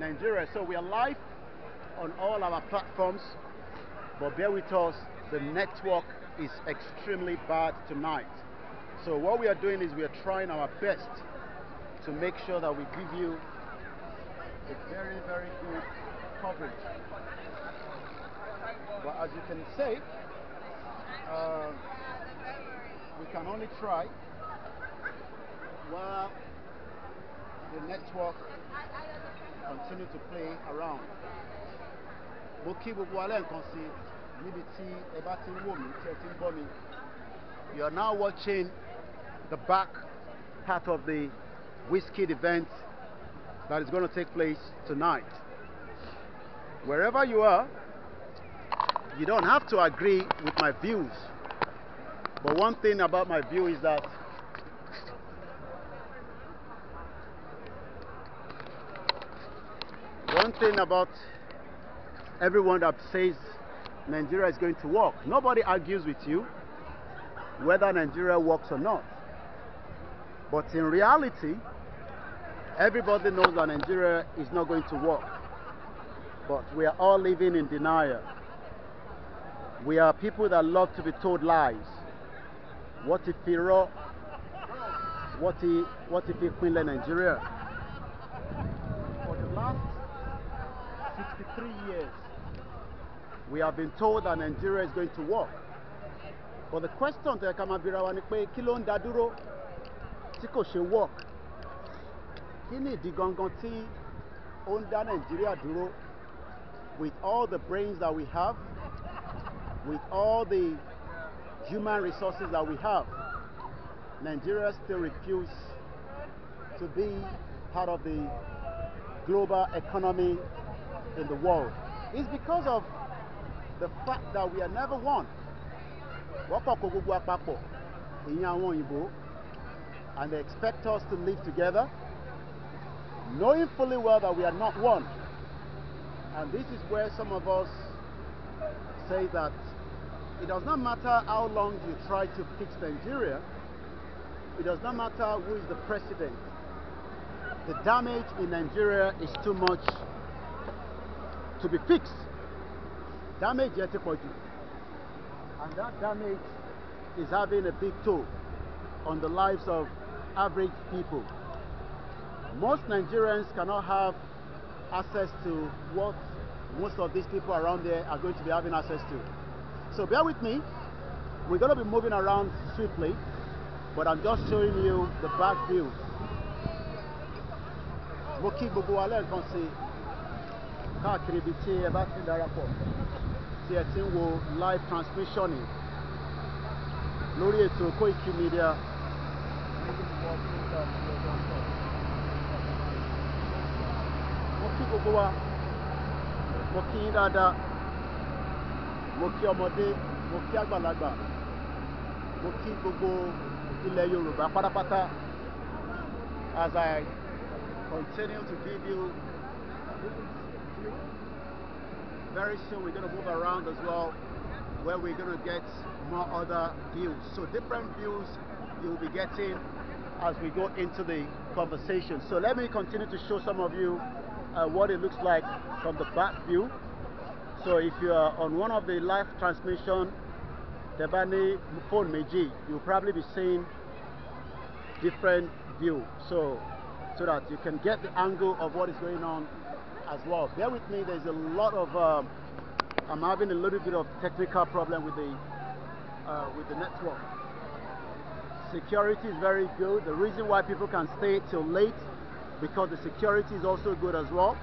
Nigeria. So we are live on all our platforms, but bear with us, the network is extremely bad tonight. So what we are doing is we are trying our best to make sure that we give you a very, very good coverage. But as you can see, uh, we can only try. Well, the network continue to play around mo kí gbogbo alẹ́ níbi tí ẹ bá ti ń wò mí tí ẹ ti ń gbọ́ mi you are now watching the back part of the Wizkid event that is going to take place tonight wherever you are you don't have to agree with my views but one thing about my view is that one thing about everyone that says Nigeria is going to work, nobody argues with you whether Nigeria works or not. But in reality, everybody knows that Nigeria is not going to work. But we are all living in denial. We are people that love to be told lies. What if Firo? What if what if Quinlan Nigeria? For the last 63 years. We have been told that Nigeria is going to work. But the question to Ẹ̀ka wa ni pé kí she ń work? Kí ni ìdí gangan Nàìjíríà dúró? With all the brains that we have, with all the human resources that we have, Nigeria still refuses to be part of the global economy in the world is because of the fact that we are never one. Wọ́n and they expect us to live together knowing fully well that we are not one. And this is where some of us say that it does not matter how long you try to fix Nigeria, it does not matter who is the president. The damage in Nigeria is too much to be fixed. Damage yet ti pọ̀ and that damage is having a big toll on the lives of average people. Most Nigerians cannot have access to what most of these people around there are going to be having access to. So bear with me. We're going to be moving around swiftly, but I'm just showing you the back view. káàkiri ibi tí ẹ bá ti darapọ̀ tí ẹ ti ń wo live transmission lórí ètò Koiki Media. mo kí gbogbo wa mo kí yín dáadáa mo kí ọmọdé mo kí àgbàlagbà mo kí gbogbo ilẹ̀ Yorùbá pátápátá as I continue to give you Very soon we're going to move around as well where we're going to get more other views. So different views you'll be getting as we go into the conversation. So let me continue to show some of you uh, what it looks like from the back view. So if you are on one of the live transmission, Debani phone Meiji, you'll probably be seeing different view. So so that you can get the angle of what is going on as well. Bear with me, there's a lot of, um, I'm having a little bit of technical problem with the, uh, with the network. Security is very good. The reason why people can stay till late because the security is also good as well.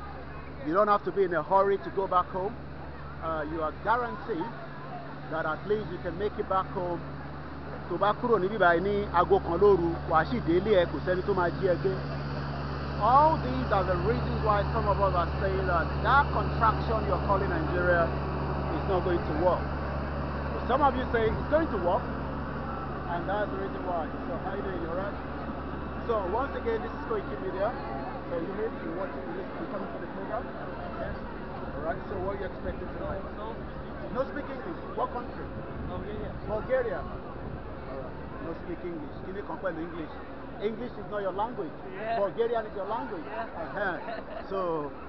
You don't have to be in a hurry to go back home. Uh, you are guaranteed that at least you can make it back home tó tó all these are the reasons why some of us are saying that that contraction you're calling Nigeria is not going to work. But some of you say it's going to work, and that's the reason why. So how you doing, alright? So once again, this is Koiki Media. So you may be watching this, you coming to the program. Yes. Alright, so what are you expecting tonight? No, no speak English. What country? Bulgaria. Bulgaria. Alright, no speak English. Can you me the English. English is not your language. Yeah. Bulgarian is your language. Yeah. Uh -huh. so